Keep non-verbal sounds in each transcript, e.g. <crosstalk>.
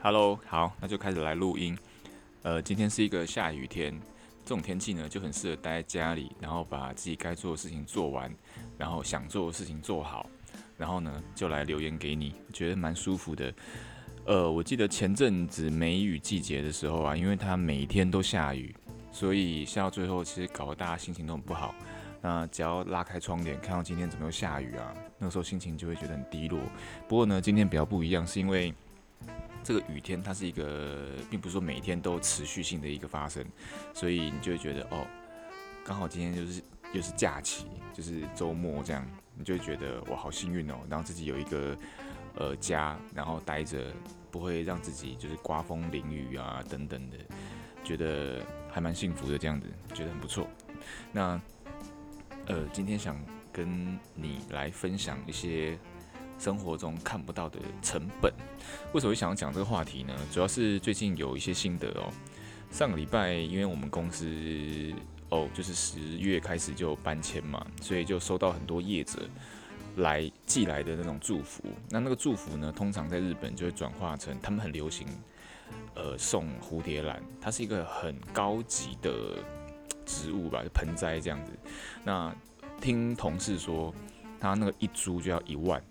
Hello，好，那就開始來錄音。呃，今天是一個下雨天，這種天氣呢就很適合待在家裡，然後把自己該做的事情做完，然後想做的事情做好，然後呢就來留言給你，覺得蠻舒服的。呃，我記得前陣子梅雨季節的時候啊，因為它每天都下雨，所以下到最後其實搞得大家心情都很不好。那只要拉開窗簾，看到今天怎麼又下雨啊，那時候心情就會覺得很低落。不過呢，今天比較不一樣，是因為，這個雨天，它是一個，並不是說每天都持續性的一個發生，所以你就會覺得，哦，剛好今天就是又是假期，就是周末這樣，你就會覺得，哇，好幸運哦，然後自己有一個，呃，家，然後待着，不會讓自己就是颳風淋雨啊等等的，覺得還蠻幸福的這樣子，覺得很不錯。那，呃，今天想跟你來分享一些。生活中看不到的成本，為什麼會想要講這個話題呢？主要是最近有一些心得哦。上個禮拜，因為我們公司哦，就是十月開始就搬遷嘛，所以就收到很多業者來寄來的那種祝福。那那個祝福呢，通常在日本就會轉化成他們很流行，呃，送蝴蝶蘭。它是一個很高級的植物吧，就盆栽這樣子。那聽同事說，他那個一株就要一萬。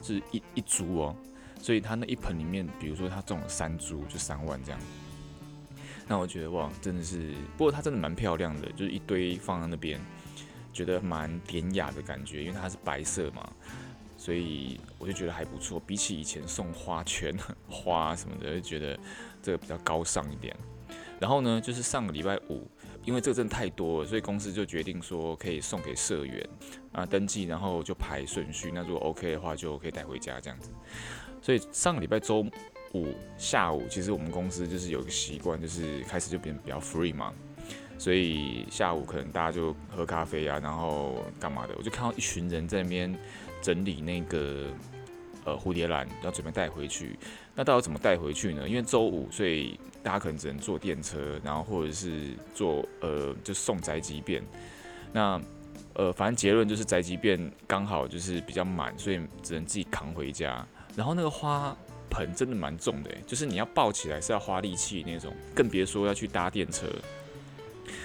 就是一一株哦、喔，所以他那一盆裡面，比如說他種了三株，就三萬這樣。那我覺得哇，真的是，不過它真的蠻漂亮的，就是一堆放在那邊，覺得蠻典雅的感覺，因為它是白色嘛，所以我就覺得還不錯。比起以前送花圈、花什麼的，就覺得這個比較高尚一點。然後呢，就是上個禮拜五。因為這個證太多了，所以公司就決定說可以送給社員啊，登記然後就排順序。那如果 OK 的話，就可以帶回家這樣子。所以上個禮拜周五下午，其實我們公司就是有個習慣，就是開始就變比較 free 嘛。所以下午可能大家就喝咖啡啊，然後幹嘛的？我就看到一群人在那邊整理那個呃蝴蝶蘭，要準備帶回去。那到底怎麼帶回去呢？因為周五，所以大家可能只能坐電車，然後或者是坐呃，就送宅急便。那呃，反正結論就是宅急便剛好就是比較滿，所以只能自己扛回家。然後那個花盆真的蠻重的，欸，就是你要抱起來是要花力氣那種，更別說要去搭電車。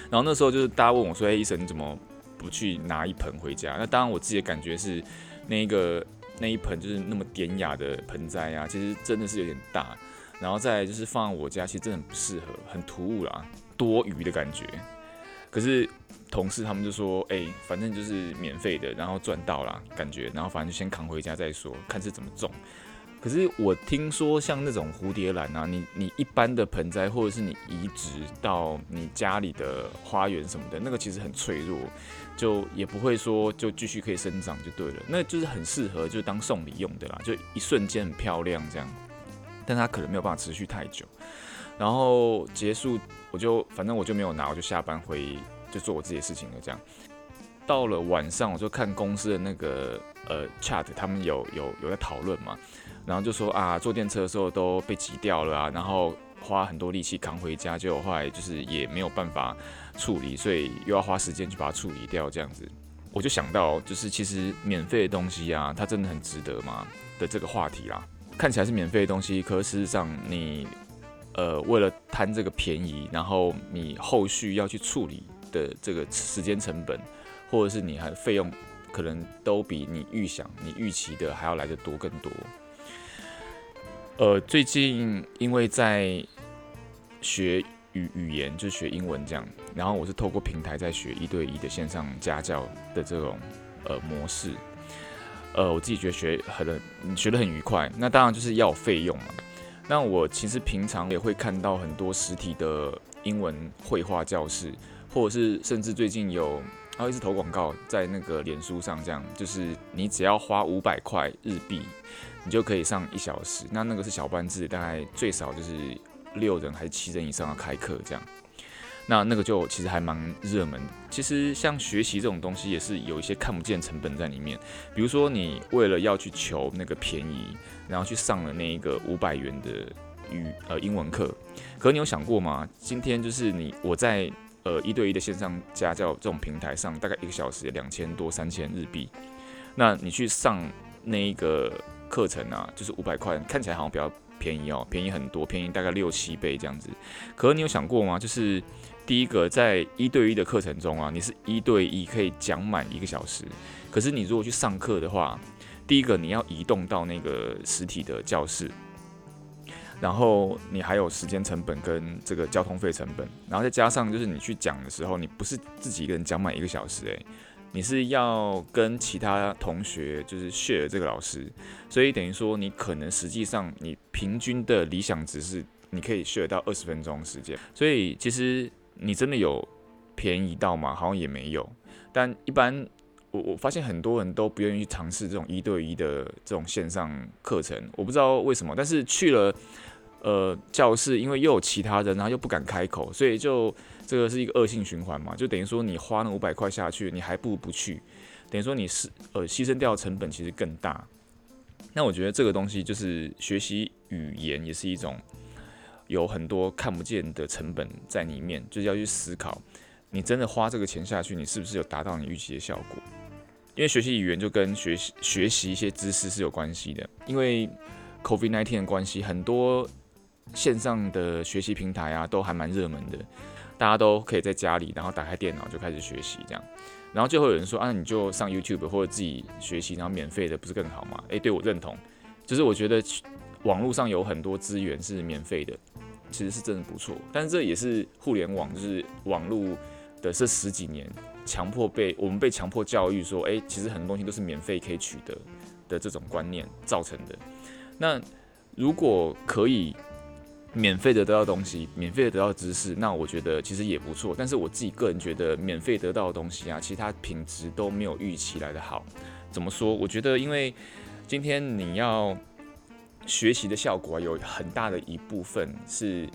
然後那時候就是大家問我說：“哎，欸，醫生你怎麼不去拿一盆回家？”那當然我自己的感覺是，那一個那一盆就是那麼典雅的盆栽啊，其實真的是有點大。然後再來就是放在我家，其實真的很不適合，很突兀啦，多餘的感覺。可是同事他們就說，哎、欸，反正就是免費的，然後賺到啦，感覺，然後反正就先扛回家再說，看是怎麼種。可是我聽說像那種蝴蝶蘭啊，你你一般的盆栽，或者是你移植到你家裡的花園什麼的，那個其實很脆弱，就也不會說就繼續可以生長就對了，那就是很適合就當送禮用的啦，就一瞬間很漂亮這樣。但他可能沒有辦法持續太久，然後結束我就反正我就沒有拿，我就下班回就做我自己的事情了。這樣到了晚上我就看公司的那個呃 chat，他們有有有在討論嘛，然後就說啊，坐電車的時候都被擠掉了啊，然後花很多力氣扛回家，就後來就是也沒有辦法處理，所以又要花時間去把它處理掉。這樣子我就想到就是其實免費的東西啊，它真的很值得嗎的這個話題啦。看起來是免費的東西，可是事實上你，你呃為了貪這個便宜，然後你後續要去處理的這個時間成本，或者是你還費用，可能都比你預想、你預期的還要來得多更多。呃，最近因為在學語語言，就學英文這樣，然後我是透過平台在學一對一的線上家教的這種呃模式。呃，我自己覺得學很學得很愉快，那當然就是要費用嘛。那我其實平常也會看到很多實體的英文繪畫教室，或者是甚至最近有，然後一直投廣告在那個臉書上，這樣就是你只要花五百塊日幣，你就可以上一小時。那那個是小班制，大概最少就是六人還是七人以上要開課這樣。那那個就其實還蠻熱門。其實像學習這種東西，也是有一些看不見成本在裡面。比如說你為了要去求那個便宜，然後去上了那一個五百元的語呃英文課，可是你有想過嗎？今天就是你我在呃一對一的線上家教這種平台上，大概一個小時兩千多三千日幣。那你去上那一個課程啊，就是五百塊，看起來好像比較便宜哦，便宜很多，便宜大概六七倍這樣子。可是你有想過嗎？就是。第一個，在一對一的課程中啊，你是一對一可以講滿一個小時。可是你如果去上課的話，第一個，你要移動到那個實體的教室，然後你還有時間成本跟這個交通費成本，然後再加上就是你去講的時候，你不是自己一個人講滿一個小時哎、欸，你是要跟其他同學就是 share 這個老師，所以等於說你可能實際上你平均的理想值是你可以 share 到二十分鐘時間，所以其實。你真的有便宜到嗎？好像也沒有。但一般我我發現很多人都不願意去嘗試這種一對一的這種線上課程，我不知道為什麼。但是去了，呃，教室因為又有其他人，然後又不敢開口，所以就這個是一個惡性循環嘛。就等於說你花了五百塊下去，你還不如不去。等於說你是呃犧牲掉成本其實更大。那我覺得這個東西就是學習語言也是一種。有很多看不見的成本在裡面，就是要去思考，你真的花這個錢下去，你是不是有達到你預期的效果？因為學習語言就跟學習學習一些知識是有關係的。因為 COVID-19 的關係，很多線上的學習平台啊，都還蠻熱門的，大家都可以在家裡，然後打開電腦就開始學習這樣。然後最後有人說啊，你就上 YouTube 或者自己學習，然後免費的不是更好嗎？誒，對我認同，就是我覺得網絡上有很多資源是免費的。其實是真的不錯，但是這也是互聯網就是網絡的這十幾年強迫被我們被強迫教育說，哎、欸，其實很多東西都是免費可以取得的，的這種觀念造成的。那如果可以免費的得到東西，免費的得到知識，那我覺得其實也不錯。但是我自己個人覺得，免費得到的東西啊，其實它品質都沒有預期來得好。怎麼說？我覺得因為今天你要。學習的效果有很大的一部分是，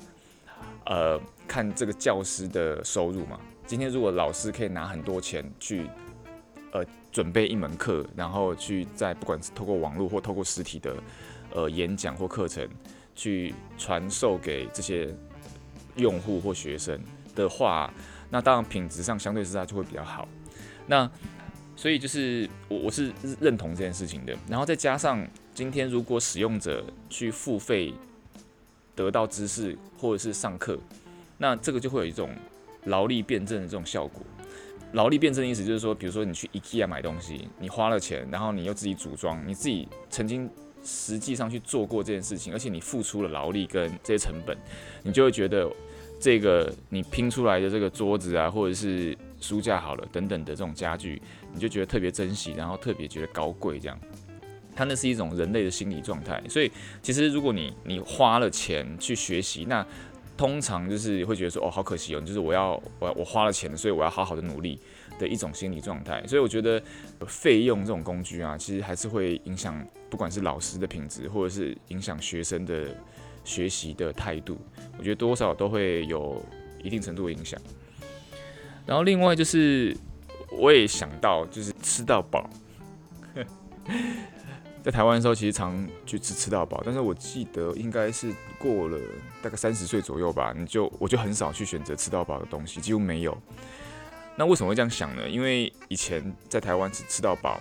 呃，看這個教師的收入嘛。今天如果老師可以拿很多錢去，呃，準備一門課，然後去在不管是透過網絡或透過實體的，呃，演講或課程去傳授給這些用戶或學生的話，那當然品質上相對之下就會比較好。那所以就是我，我是認同這件事情的，然後再加上。今天如果使用者去付費得到知識或者是上課，那這個就會有一種勞力辯證的這種效果。勞力辯證的意思就是說，比如說你去 IKEA 買東西，你花了錢，然後你又自己組裝，你自己曾經實際上去做過這件事情，而且你付出了勞力跟這些成本，你就會覺得這個你拼出來的這個桌子啊，或者是書架好了等等的這種家具，你就覺得特別珍惜，然後特別覺得高貴這樣。它，那是一種人類的心理狀態，所以其實如果你你花了錢去學習，那通常就是會覺得說哦，好可惜哦，你就是我要我我花了錢，所以我要好好的努力的一種心理狀態。所以我覺得費用這種工具啊，其實還是會影響，不管是老師的品質，或者是影響學生的學習的態度，我覺得多少都會有一定程度的影響。然後另外就是我也想到，就是吃到飽。 <laughs> 在台灣的時候，其實常去吃吃到飽，但是我記得應該是過了大概三十歲左右吧，你就我就很少去選擇吃到飽的東西，幾乎沒有。那為什麼會這樣想呢？因為以前在台灣吃吃到飽，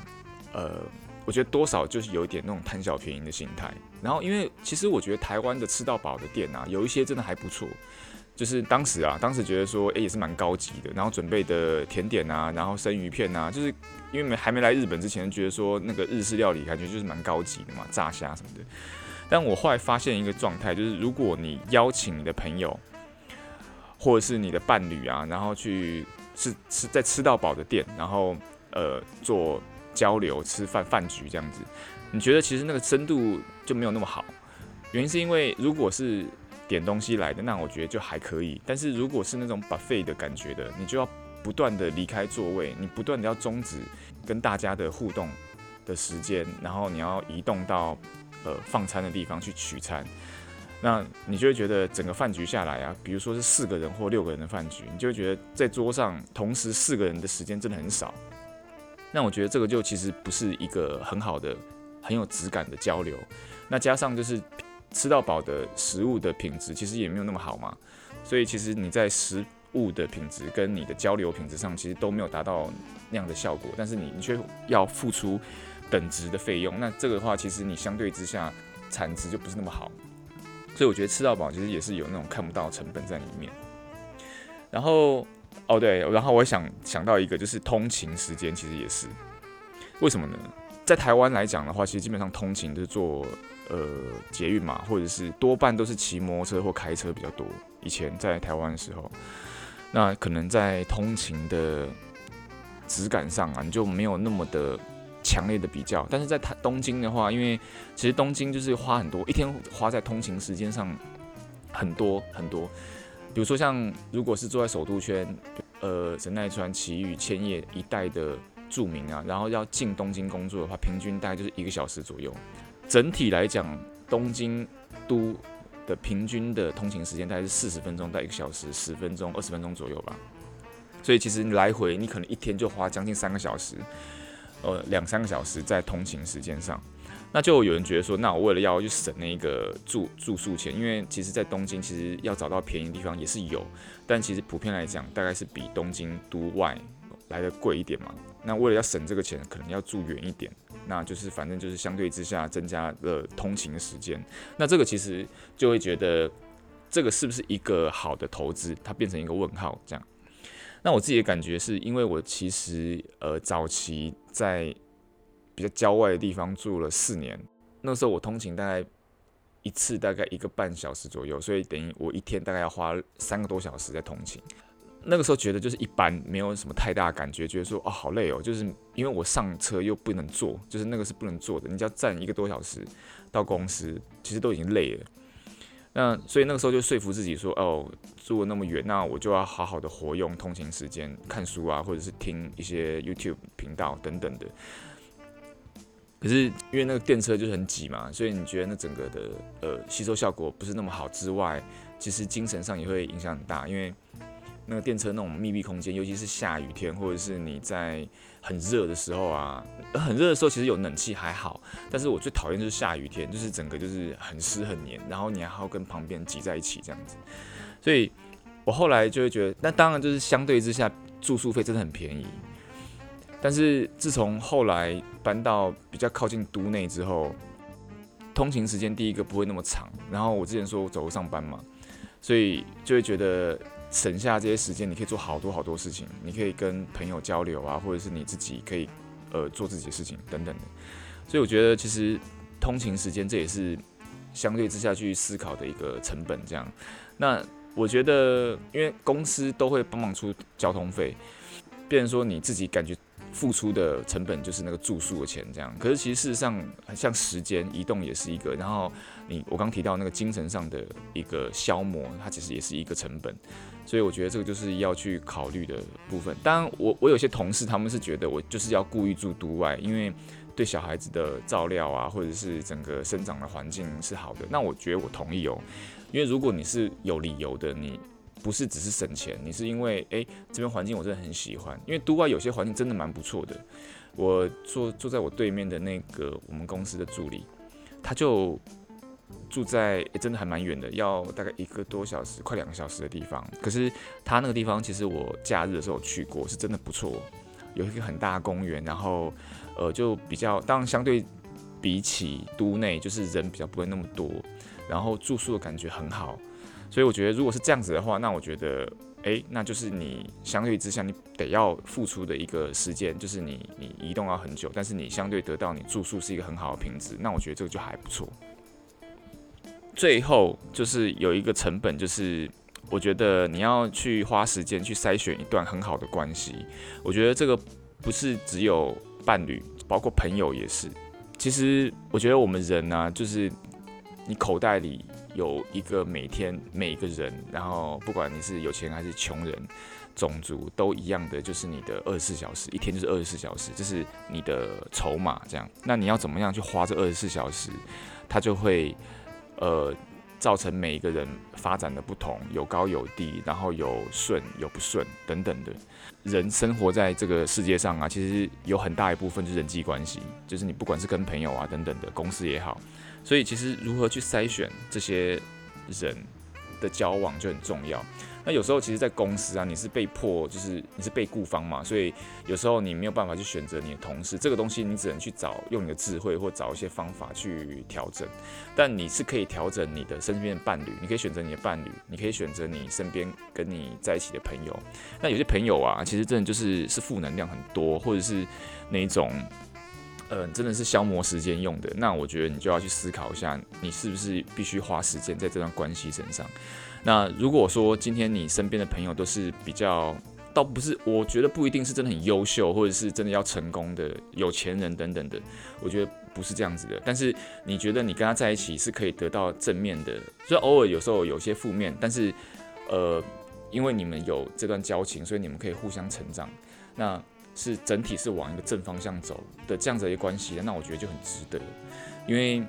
呃，我覺得多少就是有一點那種貪小便宜的心態。然後，因為其實我覺得台灣的吃到飽的店啊，有一些真的還不錯。就是當時啊，當時覺得說，哎、欸，也是蠻高級的。然後準備的甜點啊，然後生魚片啊，就是因為沒還沒來日本之前，覺得說那個日式料理感覺就是蠻高級的嘛，炸蝦什麼的。但我後來發現一個狀態，就是如果你邀請你的朋友，或者是你的伴侶啊，然後去是吃在吃，吃到飽的店，然後呃做交流吃飯飯局這樣子，你覺得其實那個深度就沒有那麼好。原因是因為如果是。點東西來的，那我覺得就還可以。但是如果是那種把 t 的感覺的，你就要不斷的離開座位，你不斷的要終止跟大家的互動的時間，然後你要移動到呃放餐的地方去取餐，那你就會覺得整個飯局下來啊，比如說是四個人或六個人的飯局，你就會覺得在桌上同時四個人的時間真的很少。那我覺得這個就其實不是一個很好的、很有質感的交流。那加上就是。吃到飽的食物的品質其實也沒有那麼好嘛，所以其實你在食物的品質跟你的交流品質上其實都沒有達到那樣的效果，但是你你卻要付出等值的費用，那這個的話其實你相對之下產值就不是那麼好，所以我覺得吃到飽其實也是有那種看不到成本在裡面。然後哦對，然後我想想到一個就是通勤時間其實也是，為什麼呢？在台灣來講的話，其實基本上通勤就是坐呃捷運嘛，或者是多半都是騎摩托車或開車比較多。以前在台灣的時候，那可能在通勤的質感上啊，你就沒有那麼的強烈的比較。但是在台東京的話，因為其實東京就是花很多，一天花在通勤時間上很多很多。比如說像如果是坐在首都圈，呃、神奈川、埼玉、千葉一帶的住民啊，然後要進東京工作的話，平均大概就是一個小時左右。整體來講，東京都的平均的通勤時間大概是四十分鐘到一個小時，十分鐘、二十分鐘左右吧。所以其實你來回你可能一天就花將近三個小時，呃，兩三個小時在通勤時間上。那就有人覺得說，那我為了要去省那個住住宿錢，因為其實，在東京其實要找到便宜的地方也是有，但其實普遍來講，大概是比東京都外來得貴一點嘛。那為了要省這個錢，可能要住遠一點，那就是反正就是相對之下增加了通勤的時間。那這個其實就會覺得這個是不是一個好的投資？它變成一個問號這樣。那我自己的感覺是，因為我其實呃早期在比較郊外的地方住了四年，那時候我通勤大概一次大概一個半小時左右，所以等於我一天大概要花三個多小時在通勤。那個時候覺得就是一般，沒有什麼太大的感覺。覺得說哦，好累哦，就是因為我上車又不能坐，就是那個是不能坐的，你只要站一個多小時到公司，其實都已經累了。那所以那個時候就說服自己說哦，住那麼遠，那我就要好好的活用通勤時間，看書啊，或者是聽一些 YouTube 頻道等等的。可是因為那個電車就是很擠嘛，所以你覺得那整個的呃吸收效果不是那麼好之外，其實精神上也會影響很大，因為。那個電車那種密閉空間，尤其是下雨天，或者是你在很熱的時候啊，很熱的時候其實有冷氣還好，但是我最討厭就是下雨天，就是整個就是很濕很黏，然後你還要跟旁邊擠在一起這樣子，所以我後來就會覺得，那當然就是相對之下住宿費真的很便宜，但是自從後來搬到比較靠近都內之後，通勤時間第一個不會那麼長，然後我之前說我走路上班嘛，所以就會覺得。省下這些時間，你可以做好多好多事情，你可以跟朋友交流啊，或者是你自己可以，呃，做自己的事情等等的。所以我覺得，其實通勤時間這也是相對之下去思考的一個成本。這樣，那我覺得，因為公司都會幫忙出交通費，變成說你自己感覺。付出的成本就是那個住宿的錢，這樣。可是其實事實上，像時間移動也是一個，然後你我剛提到那個精神上的一個消磨，它其實也是一個成本。所以我覺得這個就是要去考慮的部分。當然我，我我有些同事他們是覺得我就是要故意住都外，因為對小孩子的照料啊，或者是整個生長的環境是好的。那我覺得我同意哦，因為如果你是有理由的，你。不是只是省錢，你是因為哎、欸，這邊環境我真的很喜歡，因為都外有些環境真的蠻不錯的。我坐坐在我對面的那個我們公司的助理，他就住在、欸、真的還蠻遠的，要大概一個多小時，快兩個小時的地方。可是他那個地方其實我假日的時候去過，是真的不錯，有一個很大的公園，然後呃就比較當然相對比起都內就是人比較不會那麼多，然後住宿的感覺很好。所以我覺得，如果是這樣子的話，那我覺得，哎、欸，那就是你相對之下，你得要付出的一個時間，就是你你移動要很久，但是你相對得到你住宿是一個很好的品質，那我覺得這個就還不錯。最後就是有一個成本，就是我覺得你要去花時間去篩選一段很好的關係，我覺得這個不是只有伴侶，包括朋友也是。其實我覺得我們人呢、啊，就是你口袋裡。有一個每天每個人，然後不管你是有錢還是窮人，種族都一樣的，就是你的二十四小時，一天就是二十四小時，就是你的籌碼這樣。那你要怎麼樣去花這二十四小時，它就會，呃。造成每一個人發展的不同，有高有低，然後有順有不順等等的。人生活在這個世界上啊，其實有很大一部分是人際關係，就是你不管是跟朋友啊等等的，公司也好。所以其實如何去篩選這些人的交往就很重要。那有時候其實，在公司啊，你是被迫，就是你是被雇方嘛，所以有時候你沒有辦法去選擇你的同事，這個東西你只能去找用你的智慧或找一些方法去調整。但你是可以調整你的身邊的伴侶，你可以選擇你的伴侶，你可以選擇你身邊跟你在一起的朋友。那有些朋友啊，其實真的就是是負能量很多，或者是那種。嗯、呃，真的是消磨時間用的。那我覺得你就要去思考一下，你是不是必須花時間在這段關係身上。那如果說今天你身邊的朋友都是比較，倒不是，我覺得不一定是真的很優秀，或者是真的要成功的有錢人等等的，我覺得不是這樣子的。但是你覺得你跟他在一起是可以得到正面的，所以偶爾有時候有些負面，但是呃，因為你們有這段交情，所以你們可以互相成長。那。是整體是往一個正方向走的這樣子的一個關係，那我覺得就很值得，因為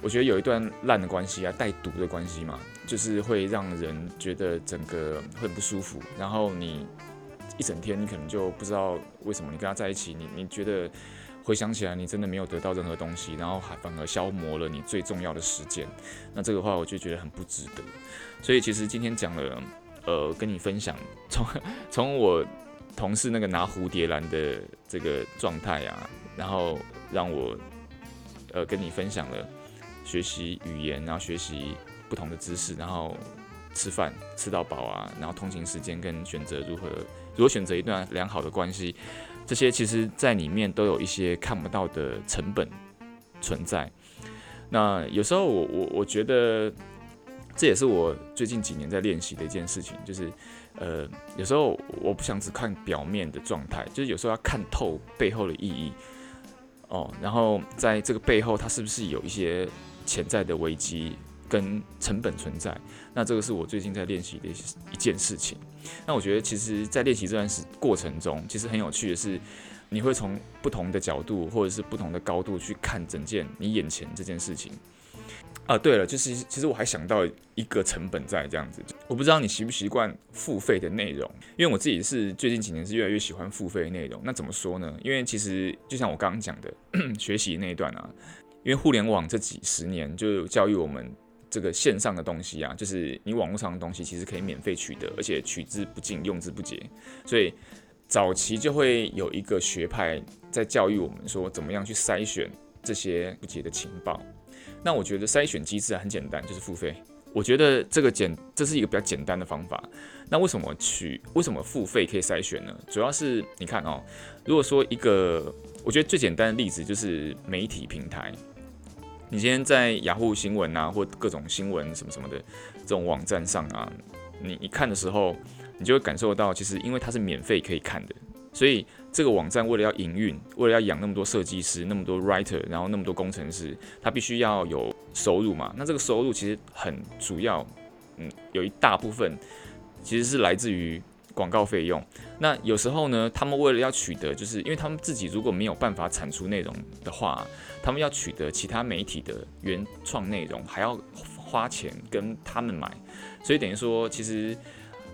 我覺得有一段爛的關係啊，帶毒的關係嘛，就是會讓人覺得整個會很不舒服，然後你一整天你可能就不知道為什麼你跟他在一起，你你覺得回想起來你真的沒有得到任何東西，然後還反而消磨了你最重要的時間，那這個話我就覺得很不值得，所以其實今天講了，呃，跟你分享從從我。同事那個拿蝴蝶蘭的這個狀態啊，然後讓我呃跟你分享了學習語言，然後學習不同的知識，然後吃飯吃到飽啊，然後通勤時間跟選擇如何如何選擇一段良好的關係，這些其實在裡面都有一些看不到的成本存在。那有時候我我我覺得這也是我最近幾年在練習的一件事情，就是。呃，有時候我不想只看表面的狀態，就是有時候要看透背後的意義哦。然後在這個背後，它是不是有一些潛在的危機跟成本存在？那這個是我最近在練習的一一件事情。那我覺得，其實，在練習這段時過程中，其實很有趣的是，你會從不同的角度或者是不同的高度去看整件你眼前這件事情。啊，對了，就是其實我還想到一個成本在這樣子，我不知道你習不習慣付費的內容，因為我自己是最近幾年是越來越喜歡付費的內容。那怎麼說呢？因為其實就像我剛剛講的，呵呵學習那一段啊，因為互聯網這幾十年就有教育我們這個線上的東西啊，就是你網絡上的東西其實可以免費取得，而且取之不盡，用之不竭。所以早期就會有一個學派在教育我們說，怎麼樣去篩選這些不潔的情報。那我覺得篩選機制啊很簡單，就是付費。我覺得這個簡這是一個比較簡單的方法。那為什麼取為什麼付費可以篩選呢？主要是你看哦，如果說一個，我覺得最簡單的例子就是媒體平台。你今天在雅虎新聞啊，或各種新聞什麼什麼的這種網站上啊，你一看的時候，你就會感受到，其實因為它是免費可以看的，所以。這個網站為了要營運，為了要養那麼多設計師、那麼多 writer，然後那麼多工程師，他必須要有收入嘛。那這個收入其實很主要，嗯，有一大部分其實是來自於廣告費用。那有時候呢，他們為了要取得，就是因為他們自己如果沒有辦法產出內容的話，他們要取得其他媒體的原創內容，還要花錢跟他們買。所以等於說，其實。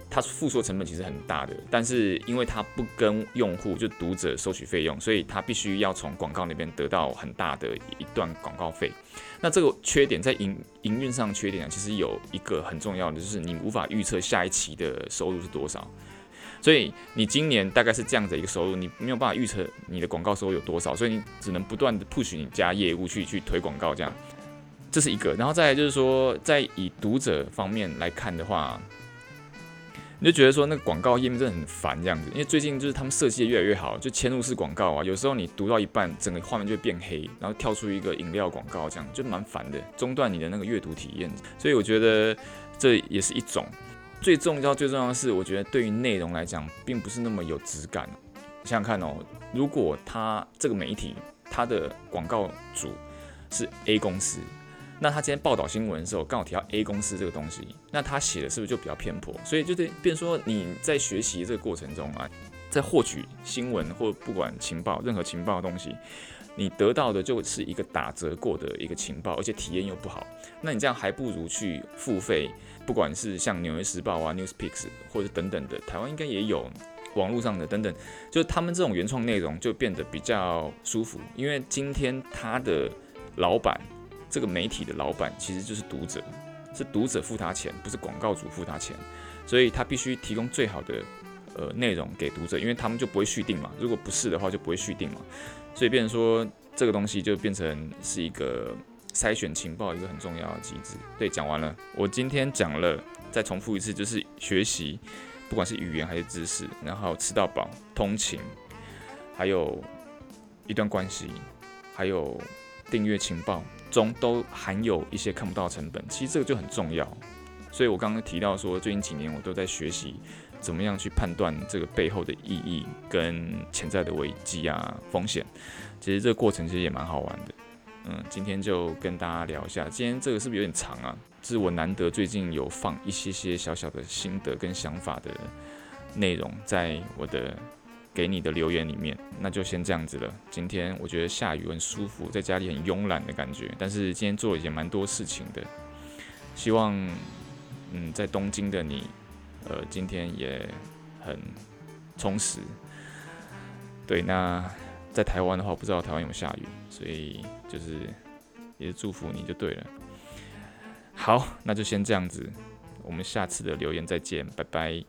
它付出的成本其實很大的，但是因為它不跟用戶就讀者收取費用，所以它必須要從廣告那邊得到很大的一段廣告費。那這個缺點在營營運上缺點啊，其實有一個很重要的就是你無法預測下一期的收入是多少。所以你今年大概是這樣子的一個收入，你沒有辦法預測你的廣告收入有多少，所以你只能不斷的 push 你家業務去去推廣告這樣。這是一個，然後再來就是說在以讀者方面來看的話。你就覺得說那個廣告頁面真的很煩這樣子，因為最近就是他們設計的越來越好，就嵌入式廣告啊，有時候你讀到一半，整個畫面就會變黑，然後跳出一個飲料廣告，這樣就蠻煩的，中斷你的那個閱讀體驗。所以我覺得這也是一種。最重要、最重要的是，我覺得對於內容來講，並不是那麼有質感。想想看哦，如果他這個媒體他的廣告主是 A 公司。那他今天報道新聞的時候剛好提到 A 公司這個東西，那他寫的是不是就比較偏頗？所以就是變說你在學習這個過程中啊，在獲取新聞或不管情報任何情報的東西，你得到的就是一個打折過的一個情報，而且體驗又不好。那你這樣還不如去付費，不管是像《紐約時報》啊、啊 NewsPicks 或者等等的，台灣應該也有網絡上的等等，就是他們這種原創內容就變得比較舒服。因為今天他的老闆。這個媒體的老闆其實就是讀者，是讀者付他錢，不是廣告主付他錢，所以他必須提供最好的呃內容給讀者，因為他們就不會續訂嘛。如果不是的話，就不會續訂嘛。所以變成，變說這個東西就變成是一個篩選情報一個很重要的機制。對，講完了，我今天講了，再重複一次，就是學習，不管是語言還是知識，然後吃到飽，通勤，還有一段關係，還有。訂閱情報中都含有一些看不到成本，其實這個就很重要。所以我剛剛提到說，最近幾年我都在學習怎麼樣去判斷這個背後的意義跟潛在的危機啊，風險。其實這個過程其實也蠻好玩的。嗯，今天就跟大家聊一下。今天這個是不是有點長啊？這是我難得最近有放一些些小小的心得跟想法的內容在我的。給你的留言裡面，那就先這樣子了。今天我覺得下雨很舒服，在家裡很慵懶的感覺。但是今天做了一件蠻多事情的，希望嗯，在東京的你，呃，今天也很充實。對，那在台灣的話，我不知道台灣有沒有下雨，所以就是也是祝福你就對了。好，那就先這樣子，我們下次的留言再見，拜拜。